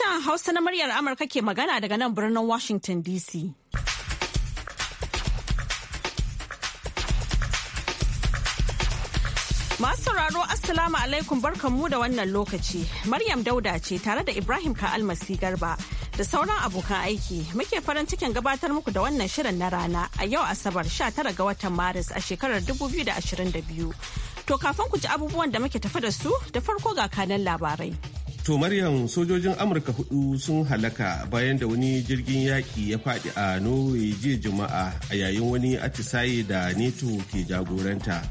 Sashen Hausa na muryar Amurka ke magana daga nan birnin Washington DC. Masu sauraro Assalamu alaikum barkanmu da wannan lokaci. Maryam Dauda ce tare da Ibrahim Ka'almasi Garba da sauran abokan aiki muke farin cikin gabatar muku da wannan shirin na rana a yau Asabar 19 ga watan Maris a shekarar 2022. To kafin ku ji abubuwan da muke tafi da su da farko ga kanan labarai. To Maryam sojojin Amurka hudu sun halaka bayan da wani jirgin yaƙi ya faɗi a Norway jiya Juma'a a yayin wani atisaye da NETO ke jagoranta.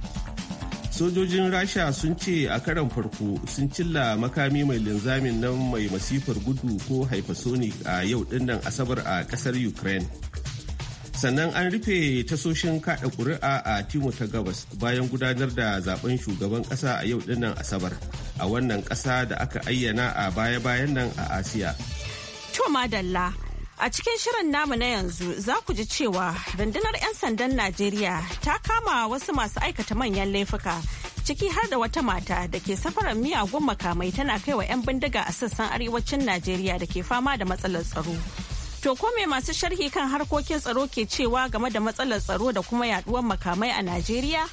Sojojin Rasha sun ce a karan farko sun cilla makami mai linzamin nan mai masifar gudu ko hypersonic a yau dinnan Asabar a ƙasar Ukraine. Sannan an rufe tasoshin kaɗa ƙuri'a a Timo ta gabas bayan gudanar da zaben shugaban ƙasa a yau dinnan Asabar. a wannan ƙasa da aka ayyana a baya-bayan nan a asiya to madalla a cikin shirin namu na yanzu za ku ji cewa rundunar 'yan sandan najeriya ta kama wasu masu aikata manyan laifuka ciki har da wata mata da ke safarar miyagun makamai tana kai wa 'yan bindiga a sassan arewacin najeriya da ke fama da matsalar tsaro to ko me masu sharhi kan harkokin tsaro ke cewa game da matsalar tsaro da kuma yaduwar makamai a najeriya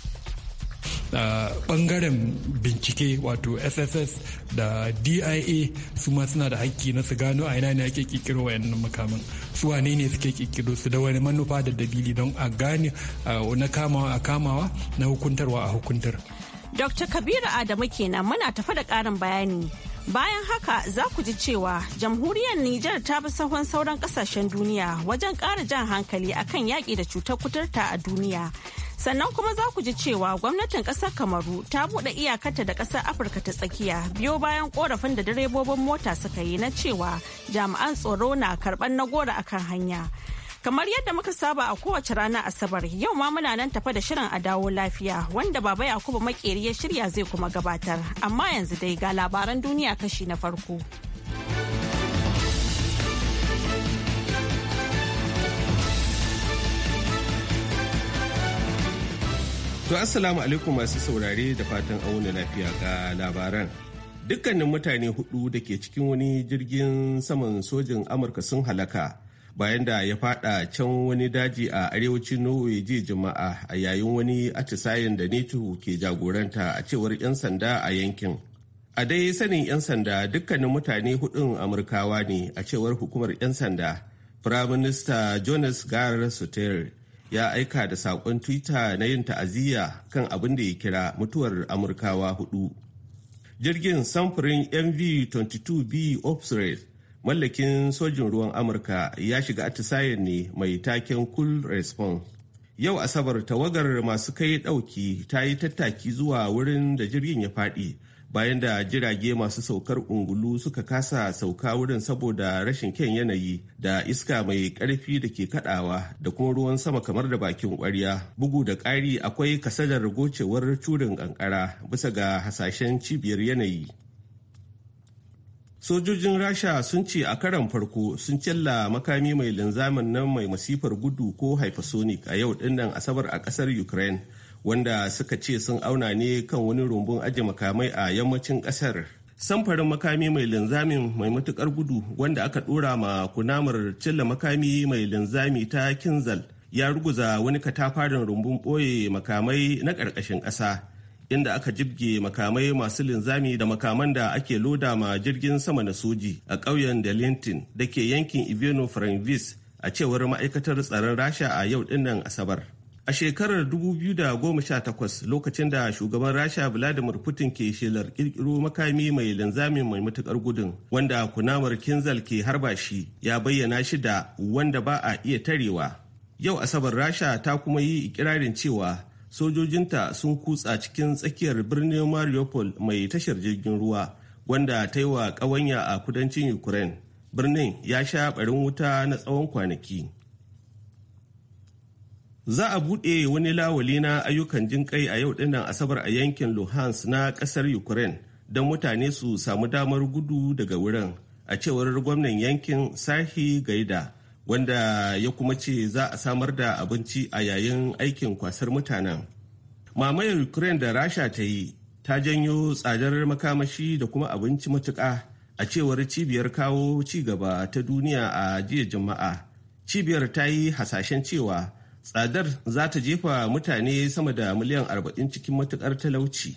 bangaren bincike wato sss da dia su ma suna da hakki na su gano a ina ne ake kikiro wayannan makamin su wane ne suke kikiro su da wani manufa da dalili don a gane na kamawa a kamawa na hukuntarwa a hukuntar dr kabiru adamu kenan muna tafa da karin bayani Bayan haka za ku ji cewa jamhuriyar Nijar ta bi sahun sauran kasashen duniya wajen kara jan hankali akan yaƙi da cutar kuturta a duniya. sannan kuma za ku ji cewa gwamnatin kasar kamaru ta bude iyakarta da kasar afirka ta tsakiya biyo bayan korafin da direbobin mota suka yi na cewa jami'an tsoro na karɓar na gora akan hanya kamar yadda muka saba a kowace rana asabar yau ma muna nan tafa da shirin a dawo lafiya wanda baba yakubu makeri ya shirya zai kuma gabatar amma yanzu dai ga labaran duniya kashi na farko To Assalamu alaikum masu saurare da fatan auna lafiya ga labaran. Dukkanin mutane hudu da ke cikin wani jirgin saman sojin Amurka sun halaka bayan da ya fada can wani daji a arewacin Norway ji Juma'a a yayin wani atisayen da NATO ke jagoranta a cewar 'yan sanda a yankin. A dai sanin 'yan sanda dukkanin mutane hudun Amurkawa ne a cewar hukumar 'yan sanda. Firaminista Jonas Garar Sutere ya aika da saƙon twitter na yin ta'aziyya kan abin da ya kira mutuwar amurkawa hudu jirgin samfurin mv-22b obsolete mallakin sojin ruwan amurka ya shiga atisayen ne mai taken cool response yau asabar tawagar masu kai ɗauki ta yi tattaki zuwa wurin da jirgin ya faɗi bayan da jirage masu saukar ungulu suka kasa sauka wurin saboda rashin kyan yanayi da iska mai karfi da ke kadawa da kuma ruwan sama kamar da bakin kwarya bugu da ƙari akwai kasadar gocewar curin kankara bisa ga hasashen cibiyar yanayi sojojin rasha sun ce a karan farko sun cilla makami mai linzamin nan mai masifar gudu ko hypersonic a yau dinnan asabar a kasar ukraine wanda suka ce sun auna ne kan wani rumbun ajiye makamai a yammacin kasar samfarin makami mai linzamin mai matukar gudu wanda aka dora ma kunamar cilla makami mai linzami ta kinzal ya ruguza wani katafarin rumbun ɓoye makamai na ƙarƙashin ƙasa inda aka jibge makamai masu linzami da makaman da ake loda ma jirgin sama na soji a ƙauyen delintin da ke yankin iveno franvis a cewar ma'aikatar tsaron rasha a yau dinnan asabar A shekarar 2018 lokacin da shugaban Rasha Vladimir Putin ke shelar kirkiro makami mai linzami mai matukar gudun wanda kunamar Kinzal ke harba shi ya bayyana shi da wanda ba a iya tarewa. Yau Asabar Rasha ta kuma yi ikirarin cewa sojojinta sun kutsa cikin tsakiyar birnin Mariupol mai tashar jirgin ruwa wanda ta yi wa ƙawanya a kudancin Ukraine. Birnin ya sha barin wuta na tsawon kwanaki. Za a buɗe wani lawali na ayyukan jinƙai a yau ɗinnan Asabar a yankin Luhansk na ƙasar Ukraine don mutane su samu damar gudu daga wurin a cewar gwamnan yankin Sahi Gaida wanda ya kuma ce za a samar da abinci a yayin aikin kwasar mutanen. Mamayar Ukraine da Rasha ta yi ta janyo tsadar makamashi da kuma abinci matuƙa a cewar cibiyar kawo ci gaba ta duniya a jiya jama'a. Cibiyar ta yi hasashen cewa tsadar za ta jefa mutane sama da miliyan 40 cikin matukar talauci.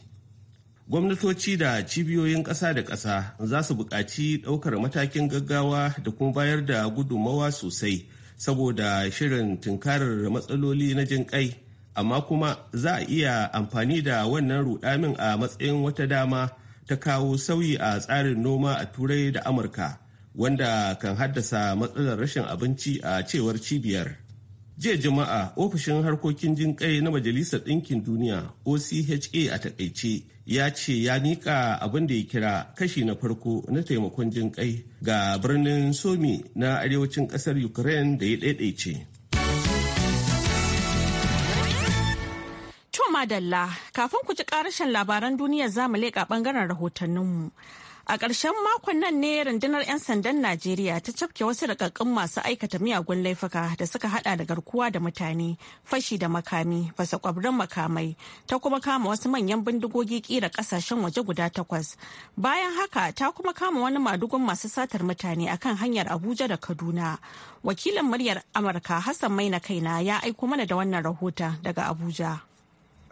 Gwamnatoci da cibiyoyin ƙasa da ƙasa za su buƙaci ɗaukar matakin gaggawa da kuma bayar da gudummawa sosai saboda shirin tunkarar matsaloli na jin ƙai, amma kuma za a iya amfani da wannan rudamin a matsayin wata dama ta kawo sauyi a tsarin noma a Turai da Amurka, wanda kan haddasa matsalar rashin abinci a cewar cibiyar. jiya juma'a ofishin harkokin jin kai na majalisar ɗinkin duniya ocha a takaice ya ce ya nika abin da ya kira kashi na farko na taimakon jin kai ga birnin somi na arewacin ƙasar ukraine da ya ɗaiɗaice madalla kafin ku ji ƙarashin labaran duniya zamu leƙa ɓangaren rahotanninmu. A ƙarshen makon nan ne rundunar 'yan sandan Najeriya ta cafke wasu rikakkun masu aikata miyagun laifuka da suka hada da garkuwa da mutane, fashi da makami, fasa kwabrin makamai, ta kuma kama wasu manyan bindigogi kira kasashen waje guda takwas. Bayan haka ta kuma kama wani madugun masu satar mutane akan hanyar Abuja da Kaduna. Wakilin muryar Amurka Hassan Maina Kaina ya aiko mana da wannan rahoton daga Abuja.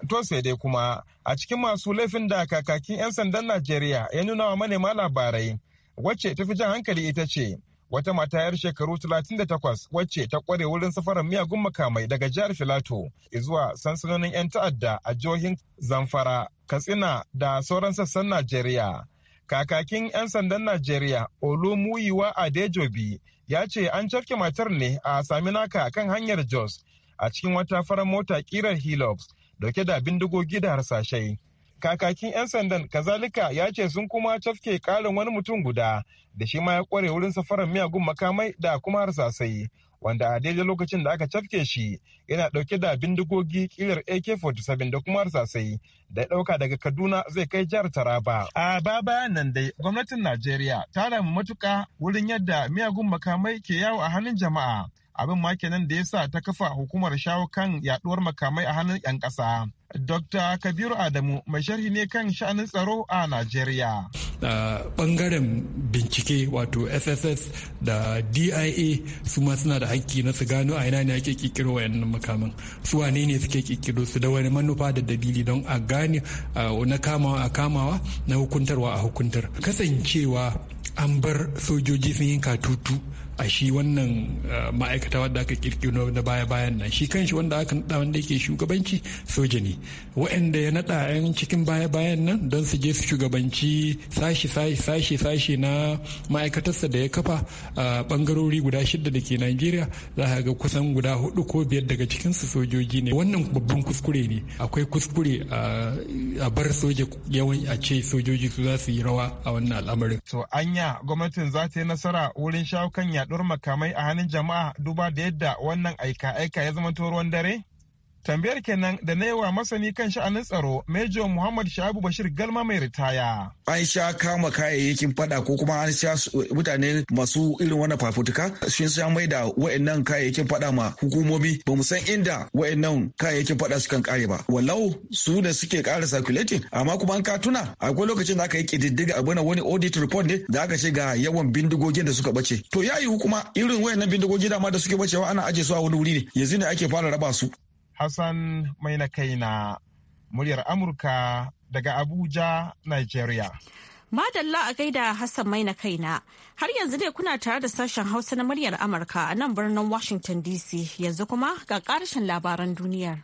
To sai dai kuma a cikin masu laifin da kakakin 'yan sandan Najeriya ya nuna wa manema labarai wacce tafi jan hankali ita ce wata mata yar shekaru 38 wacce ta kware wurin safarar miyagun makamai daga jihar Filato zuwa sansanonin 'yan ta'adda a jihohin Zamfara, Katsina da sauran sassan Najeriya. Kakakin 'yan sandan Najeriya Olumuyiwa Adejobi ya ce an cafke matar ne a sami Saminaka kan hanyar Jos a cikin wata farar mota kirar Hilux dauke da bindigogi da harsashai kakakin 'yan sandan kazalika ya ce sun kuma cafke karin wani mutum guda da shi ma ya kware wurin safarar miyagun makamai da kuma harsasai wanda a daidai lokacin da aka cafke shi yana dauke da bindigogi kilar ak-47 da kuma harsasai da ya dauka daga kaduna zai kai jihar taraba a ba bayan nan dai gwamnatin najeriya ta damu matuka wurin yadda miyagun makamai ke yawo a hannun jama'a abin ma kenan da ya sa ta kafa hukumar shawo kan yaduwar makamai a hannun 'yan ƙasa. Dr. Kabiru Adamu mai sharhi ne kan sha'anin tsaro a Najeriya. Bangaren bincike wato SSS da DIA su ma suna da hakki na su gano a ina ne ake kikiro wayannan makaman. Su wane ne suke kikiro su da wani manufa da dalili don a gane na kamawa a kamawa na hukuntarwa a hukuntar. Kasancewa an bar sojoji sun yi katutu a shi wannan uh, ma'aikata wanda aka kirkiro na baya-bayan nan shi kanshi wanda aka naɗa wanda yake shugabanci soja ne wa'anda ya naɗa yan cikin baya-bayan nan don su je su shugabanci sashi-sashi na ma'aikatarsa da ya kafa a bangarori guda shida da ke najeriya za a ga kusan guda hudu ko biyar daga cikinsu sojoji ne wannan babban kuskure ne akwai kuskure a bar soja yawan a ce sojoji su za su yi rawa a wannan al'amarin. to anya gwamnatin za ta yi nasara wurin shawo kan yaduwar makamai a hannun jama'a duba da yadda wannan aika-aika ya zama ruwan dare? Tambayar kenan da na yawa masani kan sha'anin tsaro Major Muhammad Shabu Bashir Galma mai ritaya. An sha kama kayayyakin fada ko kuma an sha mutane masu irin wannan fafutuka sun sha mai da wa'annan kayayyakin fada ma hukumomi ba mu san inda wa'annan kayayyakin fada su kan kare ba. Wallau su da suke kara circulating amma kuma an ka tuna akwai lokacin da aka yi kididdiga na wani audit report ne da aka ce ga yawan bindigogin da suka bace. To ya hukuma irin wa'annan bindigogi dama da suke bacewa ana aje su a wani wuri ne yanzu ne ake fara raba su. Hassan mai na muryar Amurka daga Abuja, Nigeria. Madalla a gaida Hassan mai na kaina. Har yanzu dai kuna tare da sashen Hausa na muryar Amurka a nan birnin Washington DC yanzu kuma ga ƙarshen labaran duniyar.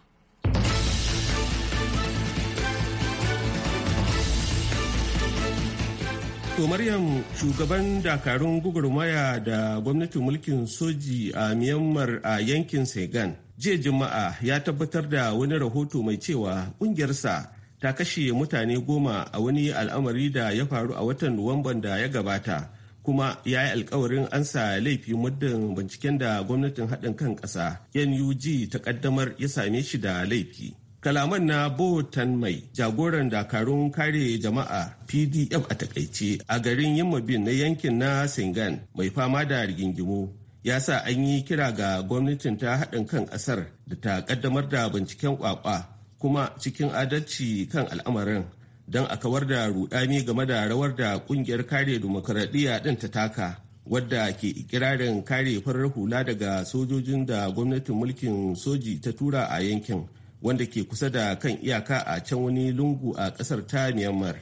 To Maryam shugaban dakarun gugurmaya da gwamnatin mulkin soji a Myanmar a yankin Saigon. Jiya Juma'a ya tabbatar da wani rahoto mai cewa ƙungiyarsa ta kashe mutane goma a wani al'amari da ya faru a watan Nuwamban da ya gabata. kuma ya yi alkawarin ansa laifi muddin binciken da gwamnatin haɗin kan ƙasa nug ta ƙaddamar ya same shi da laifi kalaman na botan mai jagoran dakarun kare jama'a pdf a takaice a garin yimabin na yankin na singan mai fama da rigingimu ya sa an yi kira ga gwamnatin ta haɗin kan ƙasar da ta ƙaddamar da binciken kwakwa kuma cikin adalci kan al'amarin don a kawar da rudani game da rawar da ƙungiyar kare dimokuraɗiyya ɗin ta taka wadda ke ikirarin kare farar hula daga sojojin da gwamnatin mulkin soji ta tura a yankin wanda ke kusa da kan iyaka a can wani lungu a kasar ta Myanmar.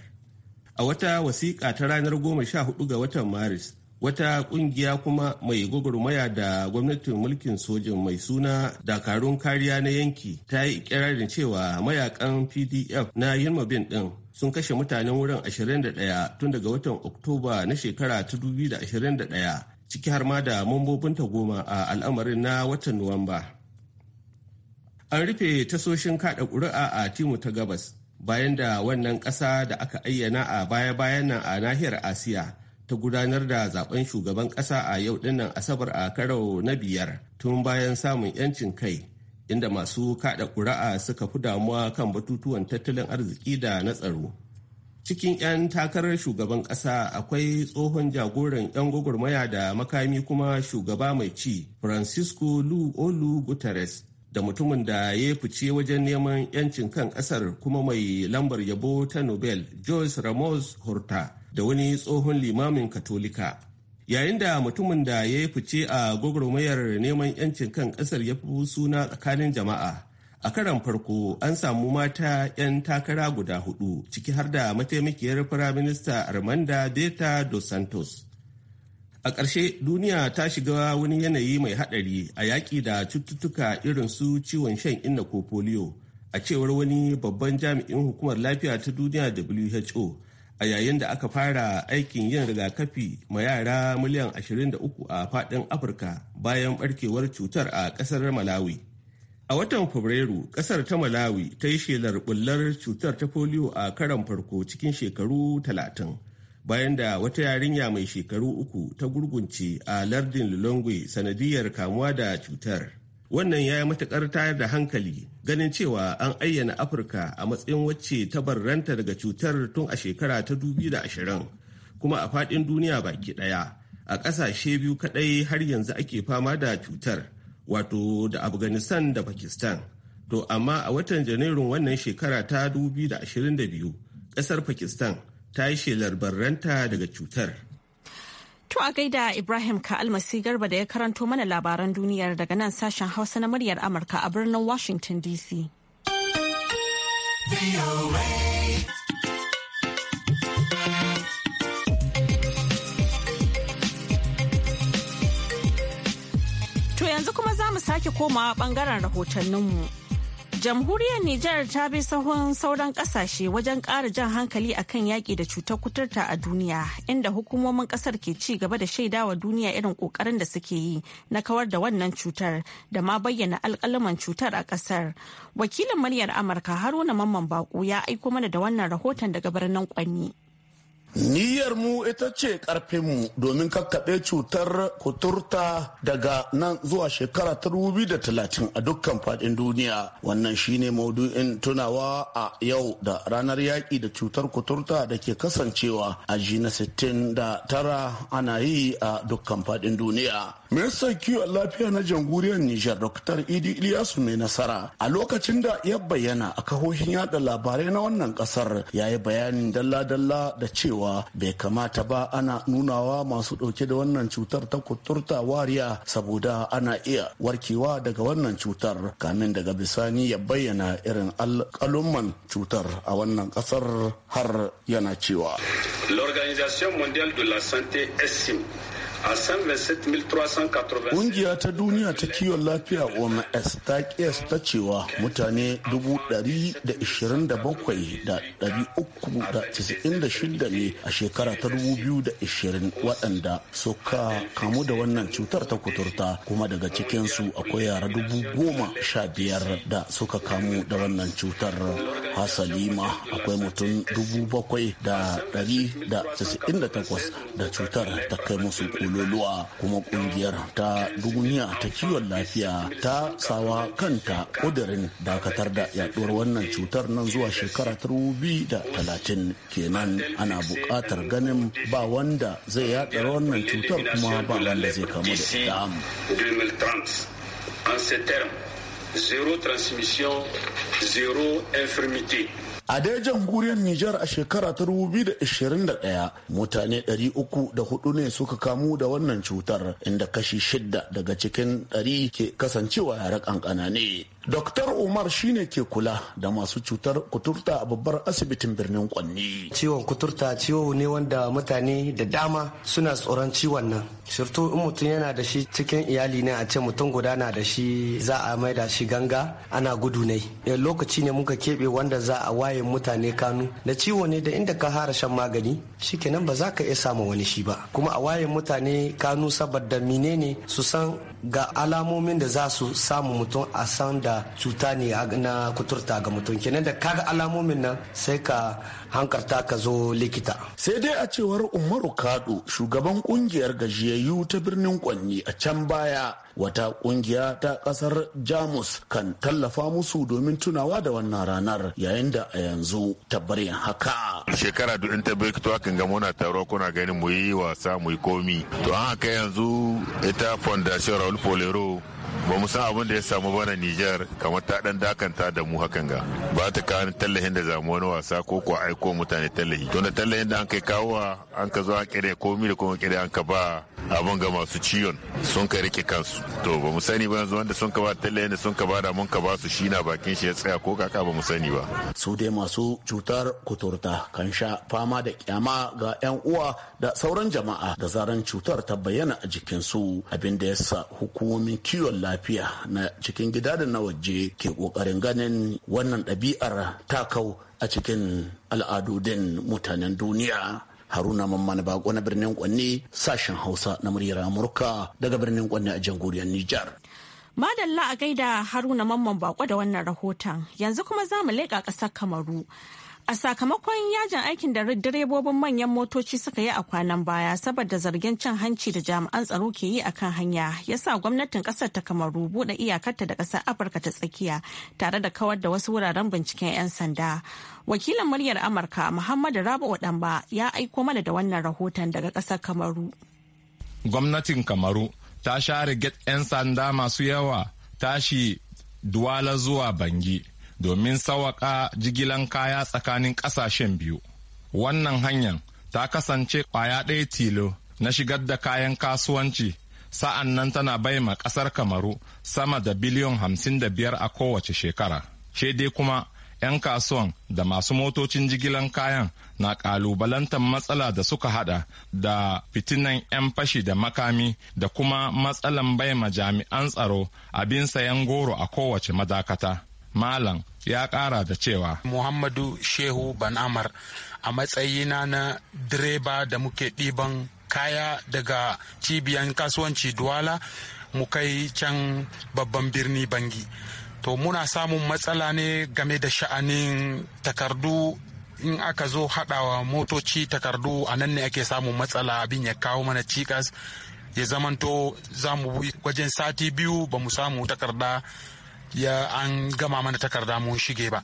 A wata wasiƙa ta ranar goma sha hudu ga watan Maris, wata ƙungiya kuma mai gwagwarmaya da gwamnatin mulkin sojin mai suna dakarun kariya na yanki ta yi ikirarin cewa mayakan pdf na yirma bin ɗin sun kashe mutanen wurin 21 tun daga watan oktoba na shekara ta 2021 ciki har ma da mambobinta goma a al'amarin na watan nuwamba An rufe tasoshin kada ƙuri'a a Timu ta Gabas bayan da wannan ƙasa da aka ayyana a baya-bayan nan a nahiyar Asiya ta gudanar da zaben shugaban ƙasa a yau dinnan Asabar a karo na biyar tun bayan samun 'yancin kai inda masu kada ƙuri'a suka fi damuwa kan batutuwan tattalin arziki da na tsaro. Cikin 'yan takarar shugaban ƙasa akwai tsohon jagoran 'yan gwagwarmaya da makami kuma shugaba mai ci Francisco Lu Olu Guterres da mutumin da ya fice wajen neman 'yancin kan ƙasar kuma mai lambar yabo ta nobel Joyce ramos horta da wani tsohon limamin katolika yayin da mutumin da ya fice a gwagwarmayar neman 'yancin kan ƙasar ya fi suna tsakanin jama'a a karan farko an samu mata 'yan takara guda hudu ciki har da mataimakiyar firaminista armanda beta dos santos A ƙarshe duniya ta shiga wani yanayi mai haɗari a yaƙi da cututtuka irin su ciwon shan inna ko polio a cewar wani babban jami'in hukumar lafiya ta duniya WHO a yayin da aka fara aikin yin rigakafi ma yara miliyan 23 a faɗin Afirka bayan barkewar cutar a ƙasar Malawi. A watan Fabrairu, ƙasar ta Malawi ta yi shelar bullar cutar ta polio a karan farko cikin shekaru talatin. bayan da wata yarinya mai shekaru uku ta gurgunce a lardin lulongwe sanadiyar kamuwa da cutar wannan ya yi matukar tayar da hankali ganin cewa an ayyana afirka a matsayin wacce ta barranta daga cutar tun a shekara ta da ashirin, kuma a faɗin duniya baki ɗaya a ƙasashe biyu kaɗai har yanzu ake fama da cutar wato da afghanistan da pakistan to amma a watan janairun wannan shekara ta 2022 ƙasar pakistan ta yi shelar barranta daga cutar. To a gaida Ibrahim Ka'almasi Garba da ya karanto mana labaran duniyar daga nan sashen Hausa na muryar Amurka a birnin Washington DC. To yanzu kuma za mu sake komawa bangaren rahotanninmu. Jamhuriyar Nijar ta bi sahun sauran kasashe wajen ƙara jan hankali a kan yaƙi da cutar kuturta a duniya, inda hukumomin ƙasar ke ci gaba da shaidawa duniya irin ƙoƙarin da suke yi na kawar da wannan cutar da ma bayyana alkalaman cutar a ƙasar. Wakilin muryar Amurka Haruna Mamman Baƙo ya aiko mana da wannan rahoton daga birnin Kwanni. Niyyar mu ita ce mu domin kakkaɓe cutar kuturta daga nan zuwa shekara ta talatin a dukkan faɗin duniya. Wannan shine maudu'in tunawa a yau da ranar yaƙi da cutar kuturta da ke kasancewa a sittin da tara ana yi a dukkan faɗin duniya. Ministan kiwon lafiya na jamhuriyar Nijar Dr. Idi Ilyasu mai nasara a lokacin da ya bayyana a kahohin yada labarai na wannan kasar ya yi bayanin dalla-dalla da cewa cewa bai kamata ba ana nunawa masu ɗauke da wannan cutar ta kuturta wariya saboda ana iya warkewa daga wannan cutar kamin daga bisani ya bayyana irin alƙaluman cutar a wannan ƙasar har yana cewa. L'Organisation Mondiale de la Santé estime Ƙungiya ta duniya ta kiwon lafiya OMS ta kiyasta cewa mutane 127,396 ne a shekara ta 2020 waɗanda suka kamu da wannan cutar ta kuturta kuma daga cikinsu akwai yara biyar da suka kamu da wannan cutar hasali ma akwai mutum 7,098 da cutar ta kai musu kuli. kololuwa kuma kungiyar ta duniya ta kiwon lafiya ta sawa kanta kudirin dakatar da yaduwar wannan cutar nan zuwa shekara da talatin kenan ana buƙatar ganin ba wanda zai yaɗa wannan cutar kuma ba wanda zai kamu da ita zero transmission, zero infirmité. A dai jamhuriyar Nijar a shekara ta 2021 mutane 304 ne suka kamu da wannan cutar inda kashi shidda daga cikin 100 ke kasancewa yaren kankana ne. Dr. Umar shine ke kula da masu cutar kuturta a babbar asibitin birnin Kwanni. Ciwon kuturta ciwo ne wanda mutane da dama suna tsoron ciwon nan. Shirto in mutum yana da shi cikin iyali ne a ce mutum guda na da shi za a mai da shi ganga ana gudu ne. Eh, lokaci ne muka keɓe wanda za a waye mutane kanu da ciwo ne da inda ka hara shan magani shikenan ba za ka iya samun wani shi ba. Kuma a waye mutane kanu saboda menene su san ga alamomin da za su samu mutum a san da cuta ne na kuturta ga mutum kenan da kaga alamomin nan sai ka hankarta ka zo likita. Sai dai a cewar Umaru Kado shugaban kungiyar gajiyayyu ta birnin Kwanni a can baya wata kungiya ta kasar Jamus kan tallafa musu domin tunawa da wannan ranar yayin da a yanzu tabbarin haka. Shekara duk ta tabbai to kan ga muna taro kuna ganin mu yi wasa mu yi komi. To an haka yanzu ita Fondation Raul Polero ba mu san abin da ya samu bana Nijar kamar ta dan dakanta da mu hakan ga ba ta kawo tallafin da zamu wani wasa ko ko ko mutane tallahi don da tallahin da an kai kawowa an ka zo an kire komi da kuma kire an ka ba abin ga masu ciwon sun ka rike kansu to ba mu sani ba yanzu wanda sun ka ba tallahin da sun ka ba da mun ka ba su shi na bakin shi ya tsaya ko kaka ba mu sani ba su dai masu cutar kuturta kan sha fama da kyama ga yan uwa da sauran jama'a da zaran cutar ta bayyana a jikinsu abin da ya sa hukumomin kiwon lafiya na cikin gida da na waje ke kokarin ganin wannan ɗabi'ar ta a cikin al'adudin mutanen duniya haruna mamman bako na birnin kwanne sashen hausa na muryar amurka daga birnin kwanne a jamhuriyar nijar madalla a gaida haruna mamman bako da wannan rahoton yanzu kuma za mu leƙa ƙasar kamaru A sakamakon yajin aikin da direbobin manyan motoci suka yi a kwanan baya saboda zargin cin hanci da jami'an tsaro ke yi a kan hanya ya sa gwamnatin kasar ta kamaru buɗe iyakarta da ƙasar Afirka ta tsakiya tare da kawar da wasu wuraren binciken 'yan sanda. Wakilin muryar Amurka Muhammadu Rabu Ɗanba ya aiko mana da wannan rahoton daga ƙasar Kamaru. Gwamnatin Kamaru ta share get 'yan sanda masu yawa tashi Duwala zuwa Bangi domin sawaƙa jigilan kaya tsakanin ƙasashen biyu. Wannan hanyar ta kasance kwaya ɗaya tilo na shigar da kayan kasuwanci sa'an nan tana ma ƙasar Kamaru sama da biliyon hamsin da biyar a kowace shekara. She dai kuma 'yan kasuwan da masu motocin jigilan kayan na ƙalubalantar matsala da suka hada da fitinan 'yan fashi da makami da kuma matsalan ma jami'an tsaro abin sayan goro a kowace madakata. malam ya kara da cewa muhammadu shehu banamar a matsayina na direba da muke ɗiban kaya daga cibiyan kasuwanci duwala mu kai can babban birni bangi to muna samun matsala ne game da sha'anin takardu in aka zo haɗawa motoci takardu a nan ne ake samun matsala abin ya kawo mana cikas ya zamanto za mu wajen sati biyu ba mu samu takarda ya an gama mana takarda mun shige ba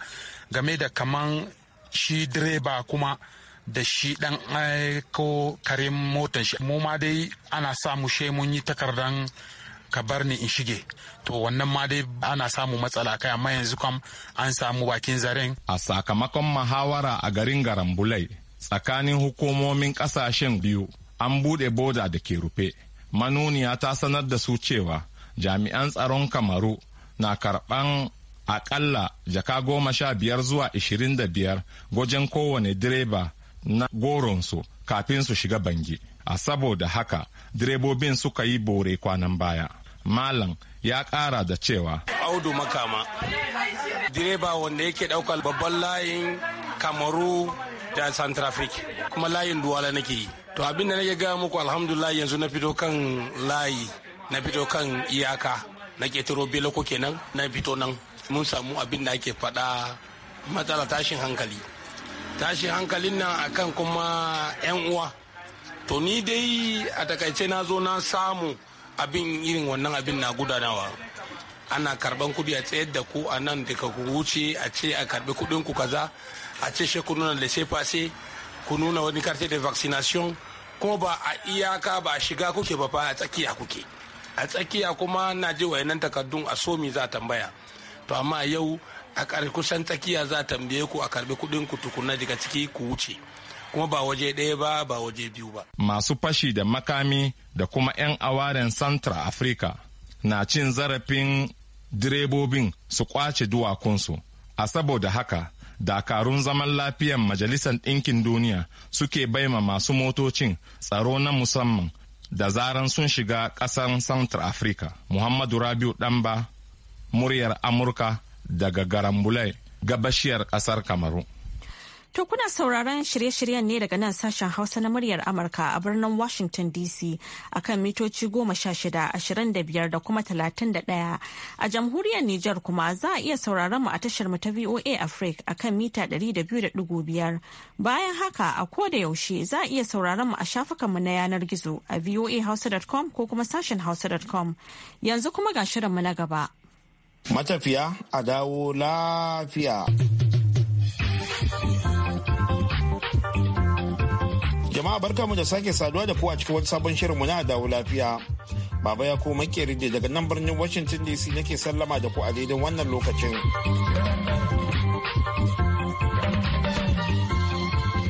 game da kaman shi direba kuma da shi dan aiko kare motan shi mu ma dai ana samu shi mun yi takardan ka bar ni in shige to wannan ma dai ana samu matsala kai amma yanzu kam an samu bakin zaren a sakamakon mahawara a garin garambulai tsakanin hukumomin kasashen biyu an bude boda da ke rufe manuniya ta sanar da su cewa jami'an tsaron kamaru na karɓan akalla jaka goma sha biyar zuwa ishirin da biyar gwajin kowane direba na goronsu kafin su shiga bangi a saboda haka direbobin suka yi bore kwanan baya malam ya ƙara da cewa audu makama direba wanda yake ɗaukar babban layin kamaru da centrafric kuma layin duwala nake yi to abinda nake gaya muku alhamdulillah yanzu na fito kan layi na fito kan iyaka na ƙetaro ko kenan na fito nan mun samu abin da ake faɗa matsala tashin hankali tashin hankalin nan akan kuma 'yan uwa to ni dai a takaice na zo na samu abin irin wannan abin na gudanawa ana karban kudi a tsayar da ku a nan daga ku wuce a ce a karbi kudin ku kaza a ce shi ku nuna sai fase ku nuna wani carte de vaccination kuma ba a iyaka ba a shiga kuke ba a tsakiya kuke a tsakiya kuma na ji wayannan takardun a somi za tambaya to amma yau a kusan tsakiya za tambaye ku a karbi kuɗin ku tukuna daga ciki ku wuce kuma ba waje ɗaya ba ba waje biyu ba masu fashi da makami da kuma 'yan awaren santra afirka na cin zarafin direbobin su kwace duwakunsu a saboda haka dakarun zaman lafiyan majalisar ɗinkin duniya suke baima masu motocin tsaro na musamman da zaran sun shiga ƙasar Central Africa. Muhammadu Rabiu Ɗanba, muryar Amurka daga Garambulai, gabashiyar ƙasar Kamaru. To kuna sauraron shirye-shiryen ne daga nan sashen Hausa na muryar Amurka a birnin Washington DC kan mitoci goma sha shida, ashirin da biyar da kuma talatin da ɗaya. A jamhuriyar Nijar kuma za a iya sauraron mu a tashar mu ta VOA Africa kan mita ɗari da biyu da ɗigo biyar. Bayan haka a ko da yaushe za a iya sauraron mu a shafukan mu na yanar gizo a voahausa.com ko kuma sashen hausa.com. Yanzu kuma ga shirin mu na gaba. Matafiya a dawo lafiya. Jama'a barka mu da sake saduwa da ku a cikin wani sabon shirinmu na dawo lafiya. Baba ya ko muke da daga nan birnin Washington DC nake sallama da ku a daidai wannan lokacin.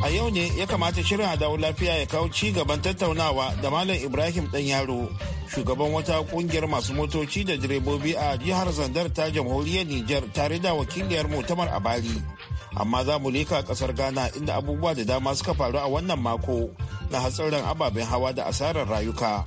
A yau ne ya kamata shirin a lafiya ya kawo ci gaban tattaunawa da Malam Ibrahim dan yaro. shugaban wata kungiyar masu motoci da direbobi a jihar zandar ta jamhuriyar niger tare da wakiliyar mutamar a bali amma za mu leka kasar ghana inda abubuwa da dama suka faru a wannan mako na hatsarin ababen hawa da asarar rayuka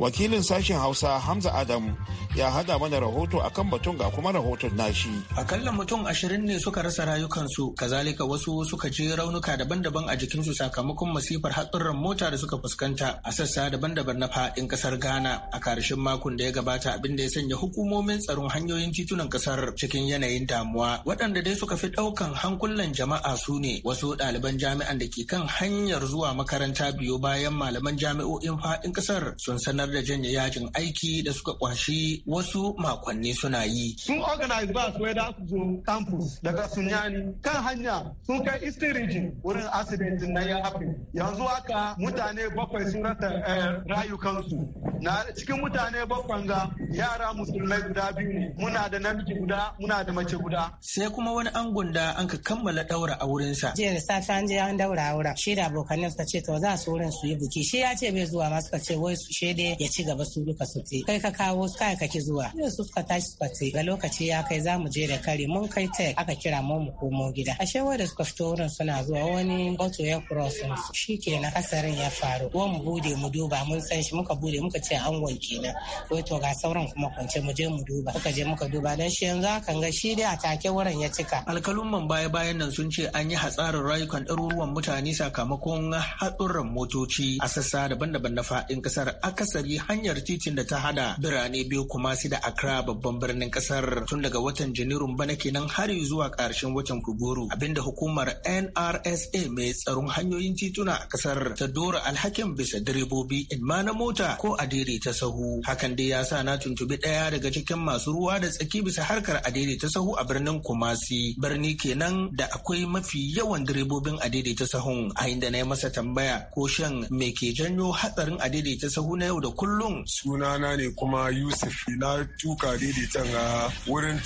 wakilin sashen hausa hamza adam ya hada mana rahoto akan batun ga kuma rahoton nashi akalla mutum ashirin ne suka rasa rayukansu kazalika wasu suka je raunuka daban-daban a jikinsu sakamakon masifar hatsurran mota da suka fuskanta a sassa daban-daban na fadin kasar ghana a karshen makon da ya gabata abin da ya sanya hukumomin tsaron hanyoyin titunan kasar cikin yanayin damuwa waɗanda dai suka fi ɗaukan hankulan jama'a su ne wasu ɗaliban jami'an da ke kan hanyar zuwa makaranta biyu bayan malaman jami'o'in fadin kasar sun sanar da janye yajin aiki da suka kwashi wasu makonni suna yi. Sun organize ba su da su zo campus daga Sunyani kan hanya sun kai Eastern Region wurin accident na ya hafi. Yanzu haka mutane bakwai sun rasa eh, rayukansu. Na cikin mutane bakwai ga yara musulmai guda biyu ne. Muna da namiji guda, muna da mace guda. Sai kuma wani angon da an ka kammala daura a wurinsa. Jiya da safe an je an daura a wurin. Shi da abokanin suka ce to za su wurin su yi buki. Shi ya ce bai zuwa ma suka ce wai su shede ya ci gaba su duka su ce kai ka kawo su kai ki zuwa ne su suka tashi suka ce ga lokaci ya kai za mu je da kare mun kai tek aka kira mu mu komo gida A shewa da suka fito wurin suna zuwa wani auto ya crossing shi na kasarin ya faru wa mu bude mu duba mun san shi muka bude muka ce an wanke na wai to ga sauran kuma kwance mu je mu duba muka je muka duba dan shi yanzu ga shi dai a take wurin ya cika Alkalun man baya bayan nan sun ce an yi hatsarin rayukan ɗaruruwan mutane sakamakon hatsurran motoci a sassa daban-daban na faɗin ƙasar akasa akasari hanyar titin da ta hada birane biyu kuma su da Accra babban birnin kasar tun daga watan Janairun bana kenan har zuwa karshen watan Fabrairu abinda hukumar NRSA mai tsaron hanyoyin tituna a kasar ta dora alhakin bisa direbobi in ma na mota ko adiri ta sahu hakan dai ya sa na tuntubi ɗaya daga cikin masu ruwa da tsaki bisa harkar adiri ta sahu a birnin Kumasi birni kenan da akwai mafi yawan direbobin adiri ta sahun a inda na yi masa tambaya ko shan me ke janyo hatsarin adiri ta sahu na yau da da kullum. Sunana ne kuma Yusuf na tuka daidaitan a wurin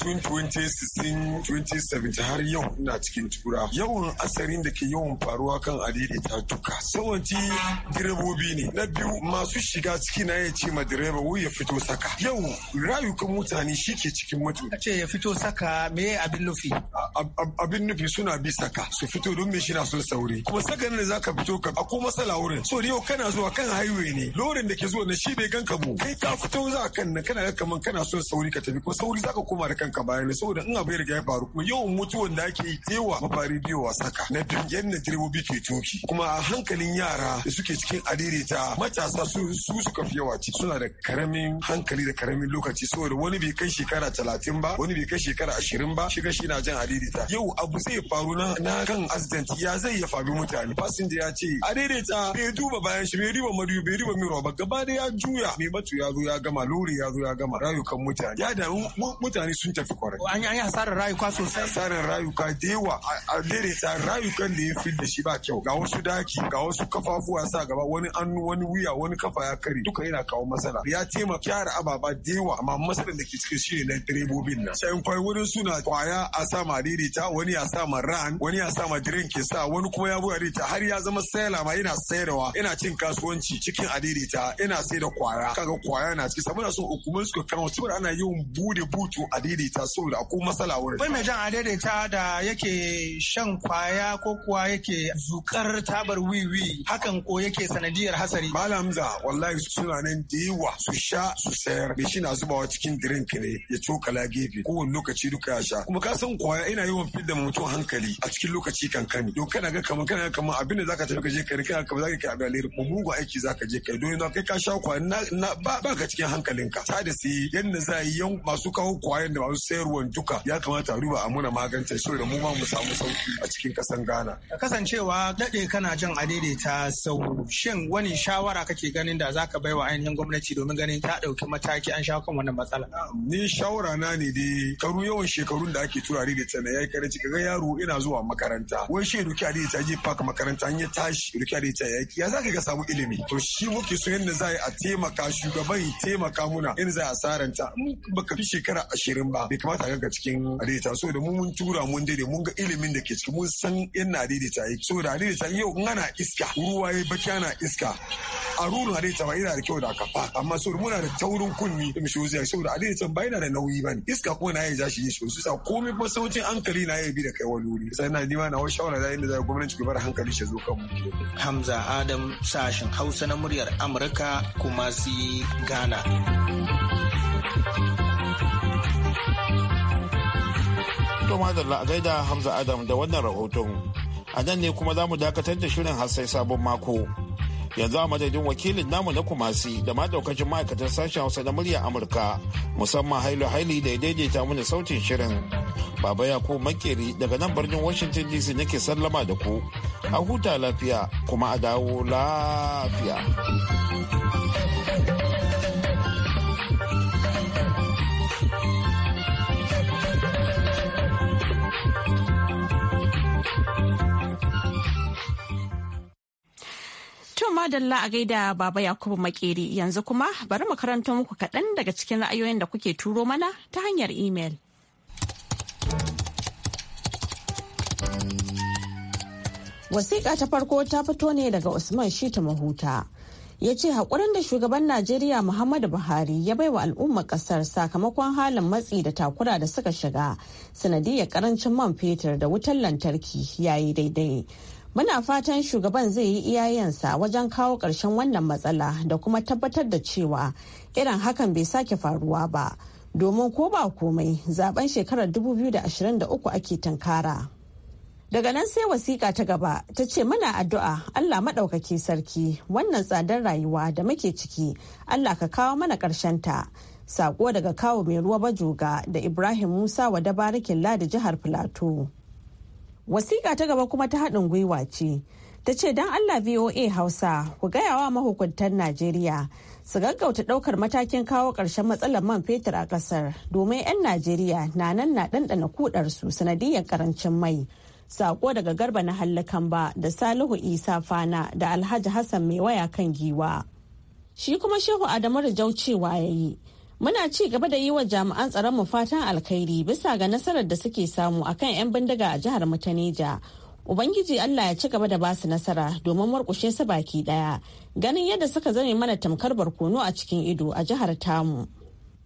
2016-2017 har yau na cikin tura. Yawan asarin da ke yawan faruwa kan daidaita tuka. Sawanci direbobi ne. Na biyu masu shiga ciki na ya ce ma direba wu ya fito saka. Yau rayukan mutane shi ke cikin mutum. ce ya fito saka me abin nufi? Abin nufi suna bi saka su fito don me shi na son sauri. Kuma saka ne za ka fito ka ko matsala wurin. So yau kana zuwa kan highway ne. Lorin da ke zuwa saboda shi bai ganka bu kai ka fito za kan na kana kaman kana so sauri ka tafi ko sauri za ka koma da kanka bayan saboda in abu ya riga ya faru kuma yawan mutuwan da ake yi tsewa mafari biyu saka na biyu yan na direbobi ke toki kuma a hankalin yara da suke cikin ta. matasa su su suka fi yawa ci suna da karamin hankali da karamin lokaci saboda wani bai kai shekara talatin ba wani bai kai shekara ashirin ba shiga shi na jan adirita yau abu zai faru na na kan accident ya zai ya faru mutane fasinja ya ce A bai duba bayan shi bai duba madu bai duba ba gaba da ya juya mai batu ya zo ya gama lori ya zo ya gama rayukan mutane ya da mutane sun tafi kwarai an yi hasarar rayuka sosai hasarar rayuka da yawa a daidaita rayukan da ya fi da shi ba kyau ga wasu daki ga wasu kafafuwa sa gaba wani annu wani wuya wani kafa ya kare duka yana kawo matsala ya taimaka kyara ababa da yawa amma matsalar da ke cikin shi ne na direbobin nan sai kwai wurin suna kwaya a sa ma daidaita wani ya sa ma ran wani ya sa ma drink sa wani kuma ya buga daidaita har ya zama sayarwa ma yana sayarwa yana cin kasuwanci cikin adaidaita ina sai da kwaya kaga kwaya na ciki saboda so hukumar suka kama saboda ana yin bude butu a daidaita saboda akwai matsala wurin bai mai jan a daidaita da yake shan kwaya ko kuwa yake zukar tabar wiwi hakan ko yake sanadiyar hasari malam za wallahi suna nan da yawa su sha su sayar da shi na zubawa cikin drink ne ya cokala gefe kowane lokaci duka ya sha kuma ka san kwaya ina yawan fidda mutum hankali a cikin lokaci kankani don kana ga kamar kana kamar abin da zaka tafi ka je ka rika ka zaka kai abin alheri mugu aiki zaka je kai don kai ka sha na ba ka cikin hankalinka ta da sai yadda za yi yan masu kawo kwayan da masu sayarwan duka ya kamata a duba a muna magance shi da mu ma mu samu sauki a cikin kasan Ghana kasancewa daɗe kana jan daidaita sau shin wani shawara kake ganin da zaka wa ainihin gwamnati domin ganin ta ɗauki mataki an shawo kan wannan matsala ni shawara na ne dai karu yawan shekarun da ake turare da tsana yayi karanci ga yaro ina zuwa makaranta wai shi rukiya da ita je park makaranta an ya tashi rukiya da ya yi ya za ka ga samu ilimi to shi muke so yadda za a taimaka shugaban ya taimaka muna in za a saranta baka fi shekara ashirin ba bai kamata ga cikin adaita so da mun tura mun daidai mun ga ilimin da ke ciki mun san yan na adaidaita yake so da adaita yau in ana iska ruwa ya baki ana iska haruna Hade ta yana da kyau da kafa amma so muna da taurin kunni da mishi wuziya saboda Hade ta ba yana da nauyi bane iska kuma na yi ja shi shi su sa komai kuma sautin hankali na yi bi da kai wani wuri sai na ma na wasu shawara da inda za gwamnati gaba da hankali shi zo kan mu Hamza Adam sashin Hausa na muryar Amurka kuma si Ghana To madalla a gaida Hamza Adam da wannan rahoton. A nan ne kuma za mu dakatar da shirin har sai sabon mako. yanzu a madadin wakilin namu na kumasi da ma daukacin ma'aikatar sashen hausa na murya amurka musamman hailu haili da ya daidaita mana sautin shirin baba ya makeri daga nan birnin washington dc nake sallama da ku a huta lafiya kuma a dawo lafiya madalla a gaida baba Yakubu Makeri yanzu kuma bari mu karanta muku kaɗan daga cikin ra'ayoyin da kuke turo mana ta hanyar imel. Wasiƙa ta farko ta fito ne daga Usman Shita Mahuta. ya ce haƙurin da shugaban najeriya muhammadu buhari ya baiwa al'umma ƙasar sakamakon halin matsi da takura da suka shiga sanadiyar ƙarancin man fetur da wutar lantarki yayi daidai Muna fatan shugaban zai yi iyayensa wajen kawo ƙarshen wannan matsala da kuma tabbatar da cewa irin hakan bai sake faruwa ba. Domin ko ba komai zaben shekarar 2023 ake tankara. Daga nan sai wasiƙa ta gaba ta ce muna addu'a Allah maɗaukaki sarki wannan tsadar rayuwa da muke ciki Allah ka kawo mana ƙarshen ta. Sako daga kawo mai ruwa bajoga da Ibrahim Musa wa dabarikin ladi jihar Filato. wasiƙa ta gaba kuma ta haɗin gwiwa ce ta ce don allah voa hausa ku gaya wa mahukuntan najeriya su gaggauta ɗaukar matakin kawo ƙarshen matsalar man fetur a ƙasar domin 'yan najeriya na nan na ɗanɗana kudarsu sanadiyar ƙarancin mai sako daga garba na hallakan ba da salihu isa fana da alhaji hassan mai waya kan giwa shi kuma shehu adamu rijau cewa ya yi Muna ci gaba da yi wa jami'an tsaron mu fatan alkhairi bisa ga nasarar da suke samu akan 'yan bindiga a jihar Mutaneja. Ubangiji Allah ya ci gaba da basu nasara domin murkushe su baki daya ganin yadda suka zame mana tamkar barkono a cikin ido a jihar tamu.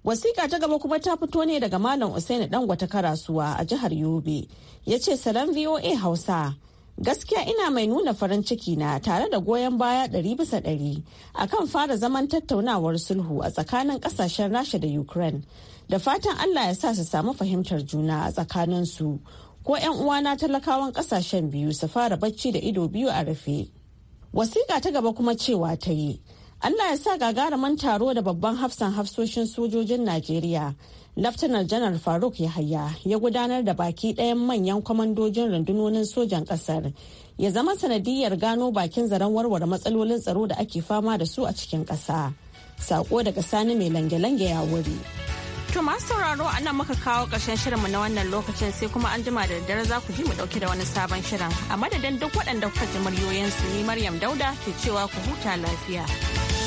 Wasiƙa ta gaba kuma ta fito ne daga Malam Usaini Dangwata Karasuwa a jihar Yobe. Ya ce salam VOA Hausa. gaskiya ina mai nuna farin ciki na tare da goyon baya ɗari bisa ɗari akan fara zaman tattaunawar sulhu a tsakanin ƙasashen rasha da ukraine da fatan allah ya sa su samu fahimtar juna a tsakaninsu ko 'yan uwana talakawan ƙasashen biyu su fara bacci da ido biyu a rufe wasiƙa ta gaba kuma cewa ta yi allah ya sa gagaraman taro da babban hafsan hafsoshin sojojin najeriya Laftanar Janar Faruk Yahaya ya gudanar da baki ɗayan manyan kwamandojin rundunonin sojan ƙasar ya zama sanadiyar gano bakin zaren warware matsalolin tsaro da ake fama da su a cikin ƙasa. Sako daga sani mai lange-lange ya wuri. To masu sauraro a nan muka kawo ƙarshen shirinmu na wannan lokacin sai kuma an jima da daddare za ku ji mu dauke da wani sabon shirin. A madadin duk waɗanda kuka ji muryoyinsu ni Maryam Dauda ke cewa ku huta lafiya.